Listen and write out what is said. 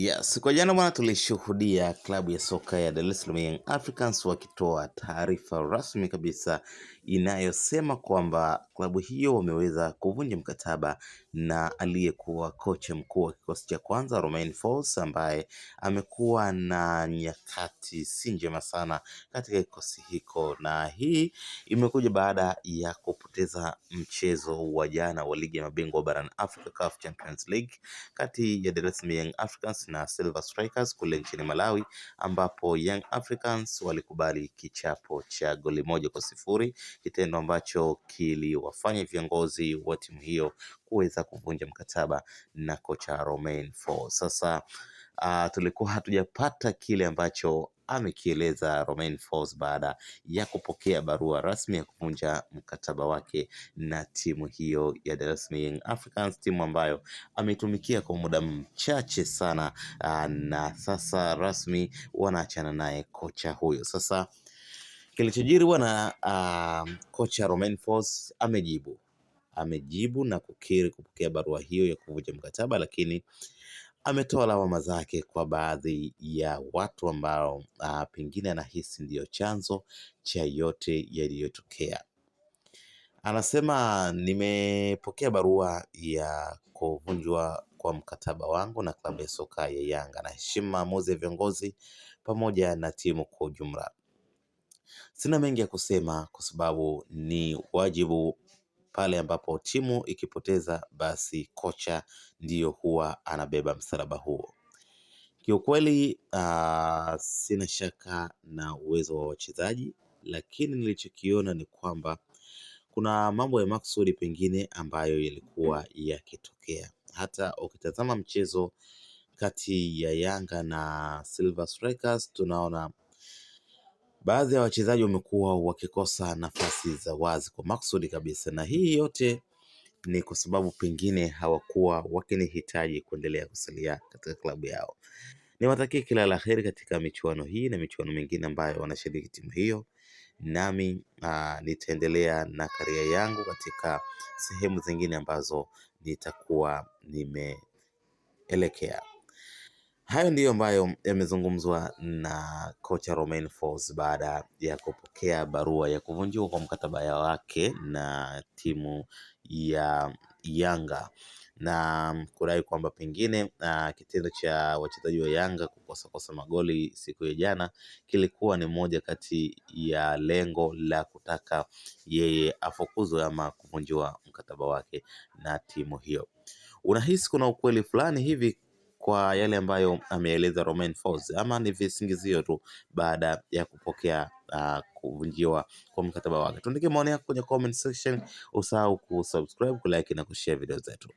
Yes, kwa jana bwana, tulishuhudia klabu ya soka ya Dar es Salaam Young Africans wakitoa taarifa rasmi kabisa inayosema kwamba klabu hiyo wameweza kuvunja mkataba na aliyekuwa kocha mkuu wa kikosi cha kwanza Romain Folz ambaye amekuwa na nyakati si njema sana katika kikosi hiko, na hii imekuja baada ya kupoteza mchezo wa jana wa ligi ya mabingwa barani africa CAF Champions League kati ya Dar es Salaam Young Africans na Silver Strikers kule nchini Malawi, ambapo Young Africans walikubali kichapo cha goli moja kwa sifuri, kitendo ambacho kiliwafanya viongozi wa timu hiyo kuweza kuvunja mkataba na kocha Romain Folz. Sasa uh, tulikuwa hatujapata kile ambacho amekieleza Romain Folz baada ya kupokea barua rasmi ya kuvunja mkataba wake na timu hiyo ya Dar es Salaam Africans, timu ambayo ametumikia kwa muda mchache sana, ah, na sasa rasmi wanaachana naye kocha huyo. Sasa kilichojiri bwana, uh, kocha Romain Folz amejibu amejibu na kukiri kupokea barua hiyo ya kuvunja mkataba, lakini ametoa lawama zake kwa baadhi ya watu ambao uh, pengine anahisi ndiyo chanzo cha yote yaliyotokea. Anasema nimepokea barua ya kuvunjwa kwa mkataba wangu na klabu ya soka ya Yanga. Naheshimu maamuzi ya viongozi pamoja na timu kwa ujumla. Sina mengi ya kusema kwa sababu ni wajibu pale ambapo timu ikipoteza basi kocha ndiyo huwa anabeba msalaba huo. Kiukweli uh, sina shaka na uwezo wa wachezaji, lakini nilichokiona ni kwamba kuna mambo ya makusudi pengine ambayo yalikuwa yakitokea. Hata ukitazama mchezo kati ya Yanga na Silver Strikers tunaona baadhi ya wachezaji wamekuwa wakikosa nafasi za wazi kwa maksudi kabisa, na hii yote ni kwa sababu pengine hawakuwa wakinihitaji kuendelea kusalia katika klabu yao. Niwatakie kila la heri katika michuano hii na michuano mingine ambayo wanashiriki timu hiyo, nami uh, nitaendelea na karia yangu katika sehemu zingine ambazo nitakuwa nimeelekea. Hayo ndiyo ambayo yamezungumzwa na kocha Romain Folz baada ya kupokea barua ya kuvunjiwa kwa mkataba ya wake na timu ya Yanga na kudai kwamba pengine uh, kitendo cha wachezaji wa Yanga kukosakosa magoli siku ya jana kilikuwa ni moja kati ya lengo la kutaka yeye afukuzwe ama kuvunjiwa mkataba wake na timu hiyo. Unahisi kuna ukweli fulani hivi kwa yale ambayo ameeleza Romain Folz, ama ni visingizio tu baada ya kupokea uh, kuvunjiwa kwa mkataba wake. Tuandike maoni yako kwenye comment section, usahau kusubscribe, kulike na kushare video zetu.